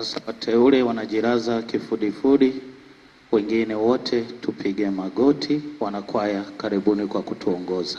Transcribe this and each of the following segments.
Sasa wateule wanajilaza kifudifudi, wengine wote tupige magoti. Wanakwaya, karibuni kwa kutuongoza.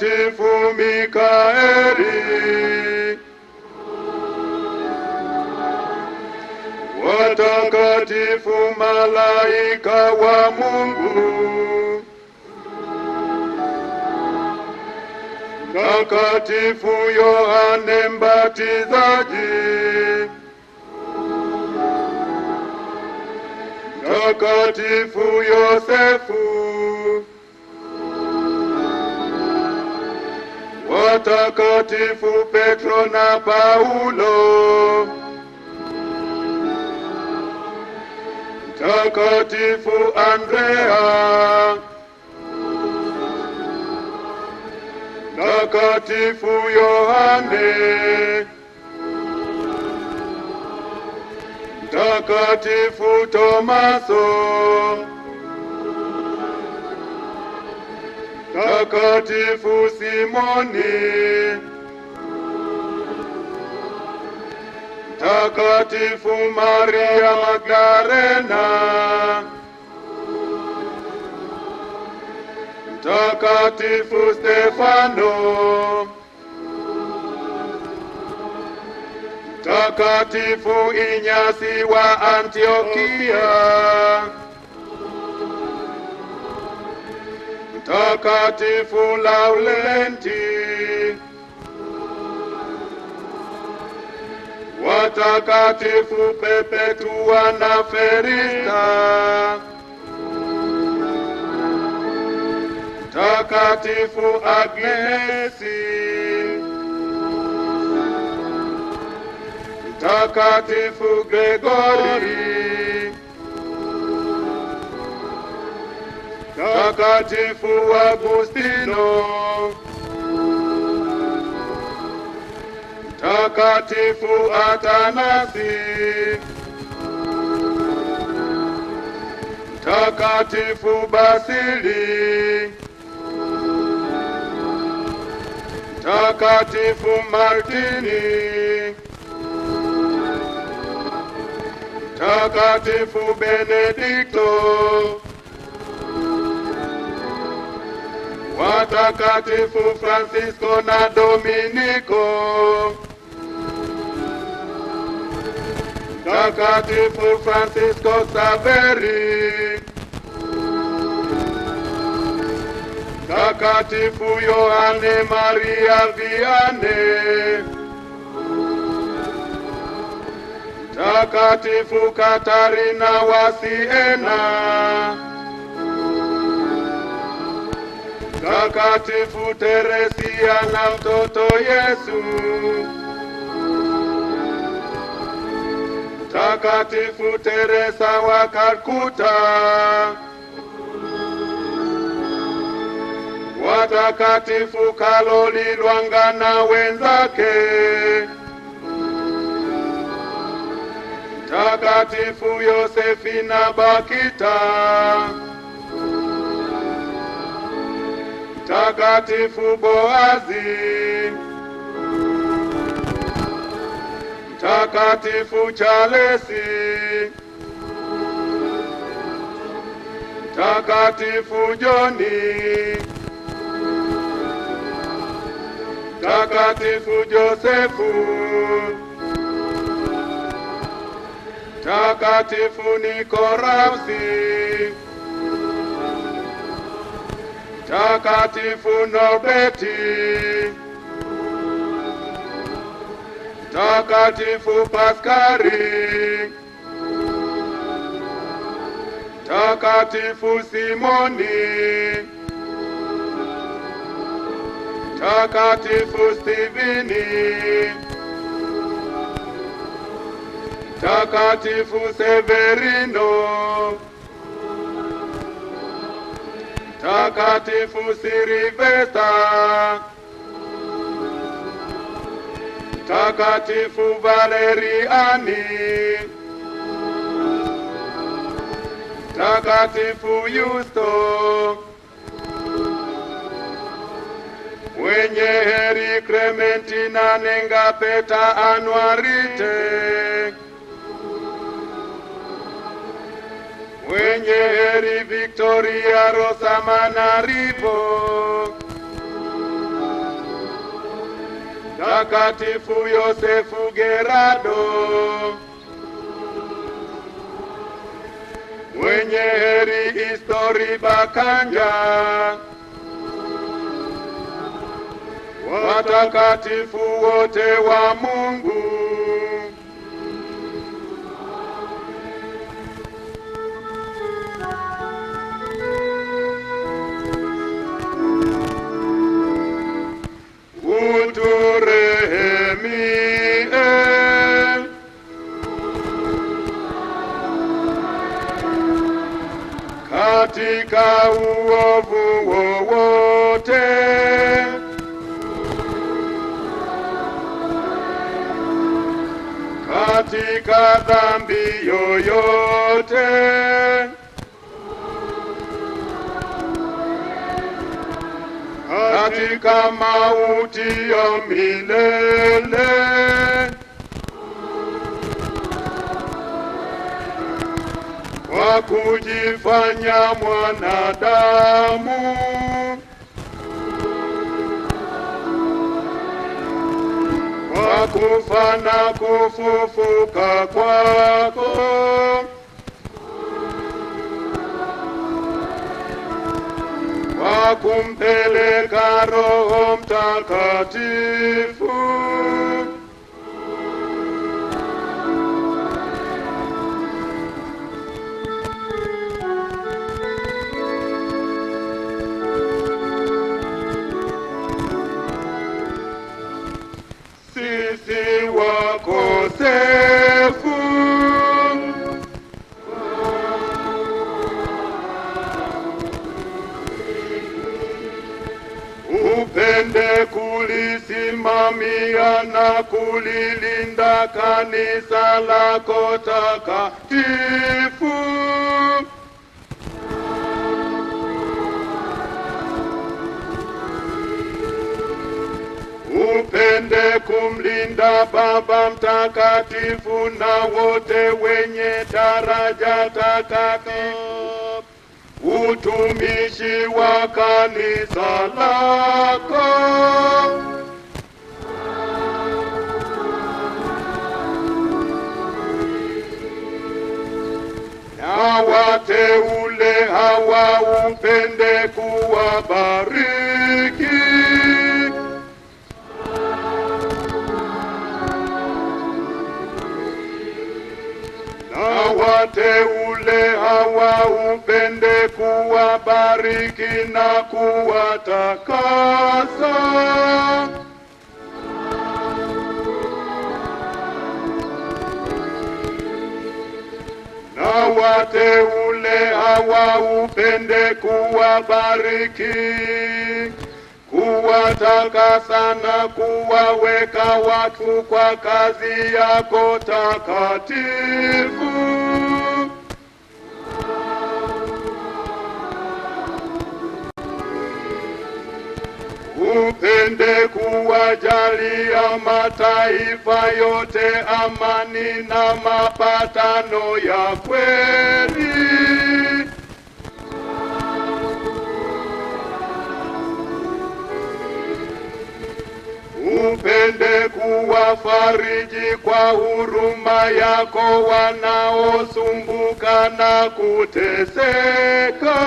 Mtakatifu Mikaeli, watakatifu malaika wa Mungu, Mtakatifu Yohane Mbatizaji, Mtakatifu Yosefu watakatifu Petro na Paulo, mtakatifu Andrea, mtakatifu Yohane, mtakatifu Tomaso Takatifu Simoni, Mtakatifu Maria Magdalena, Mtakatifu Stefano, Mtakatifu Inyasi wa Antiokia Takatifu Laurenti, watakatifu Perpetua na Ferista, takatifu Agnesi, takatifu Gregori Mtakatifu Agustino, Mtakatifu Atanasi, Mtakatifu Basili, Mtakatifu Martini, Mtakatifu Benedikto watakatifu Francisco na Dominiko. Mtakatifu Francisco Saveri, Mtakatifu Yohane Maria viane Mtakatifu Katarina wa Siena Mtakatifu Teresia na mtoto Yesu, Mtakatifu Teresa wa Kalkuta, Watakatifu Kaloli Lwanga na wenzake, Mtakatifu Yosefina Bakita Mtakatifu Boazi, Mtakatifu chalesi Mtakatifu Joni, Mtakatifu Josefu, Mtakatifu Nikorausi Takatifu Norbeti, Takatifu Paskari, Takatifu Simoni, Takatifu Severino, Takatifu Severino Takatifu Silvesta, Takatifu Valeriani, Takatifu Yusto, wenye heri Klementina Nengapeta Anuarite wenye heri Victoria Rosa Manaribo, takatifu Yosefu Gerardo, wenye heri Histori Bakanja, watakatifu wote wa Mungu katika dhambi yoyote. Katika mauti ya milele. Kwa kujifanya mwanadamu kufa na kufufuka kwako. Kwa kumpeleka Roho Mtakatifu upende kulisimamia na kulilinda kanisa lako takatifu. Upende kumlinda Baba Mtakatifu na wote wenye daraja takatifu utumishi wa kanisa lako. Na wateule hawa upende kuwabariki bariki na kuwatakasa. Na wateule hawa upende kuwabariki, kuwatakasa na kuwaweka watu kwa kazi yako takatifu. upende kuwajalia mataifa yote amani na mapatano ya kweli. upende kuwafariji kwa huruma yako wanaosumbuka na kuteseka.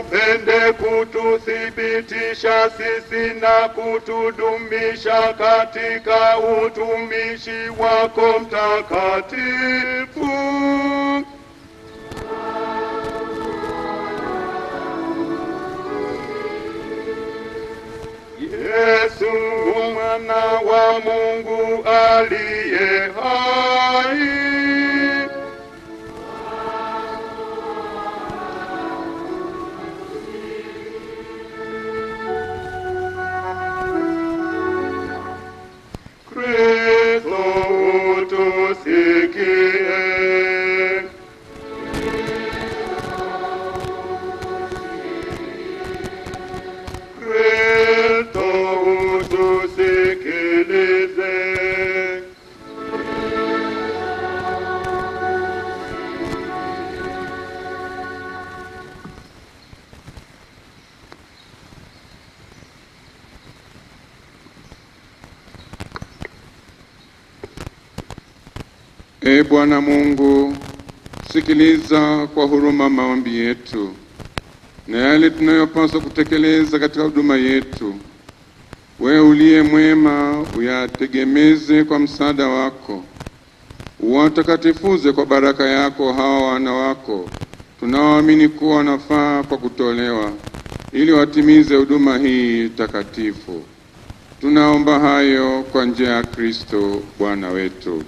upende kututhibitisha sisi na kutudumisha katika utumishi wako mtakatifu. Yesu mwana wa Mungu ali e Bwana Mungu, sikiliza kwa huruma maombi yetu na yale tunayopaswa kutekeleza katika huduma yetu. Wewe uliye mwema, uyategemeze kwa msaada wako, uwatakatifuze kwa baraka yako hawa wana wako tunaoamini kuwa wanafaa kwa kutolewa, ili watimize huduma hii takatifu. Tunaomba hayo kwa njia ya Kristo Bwana wetu.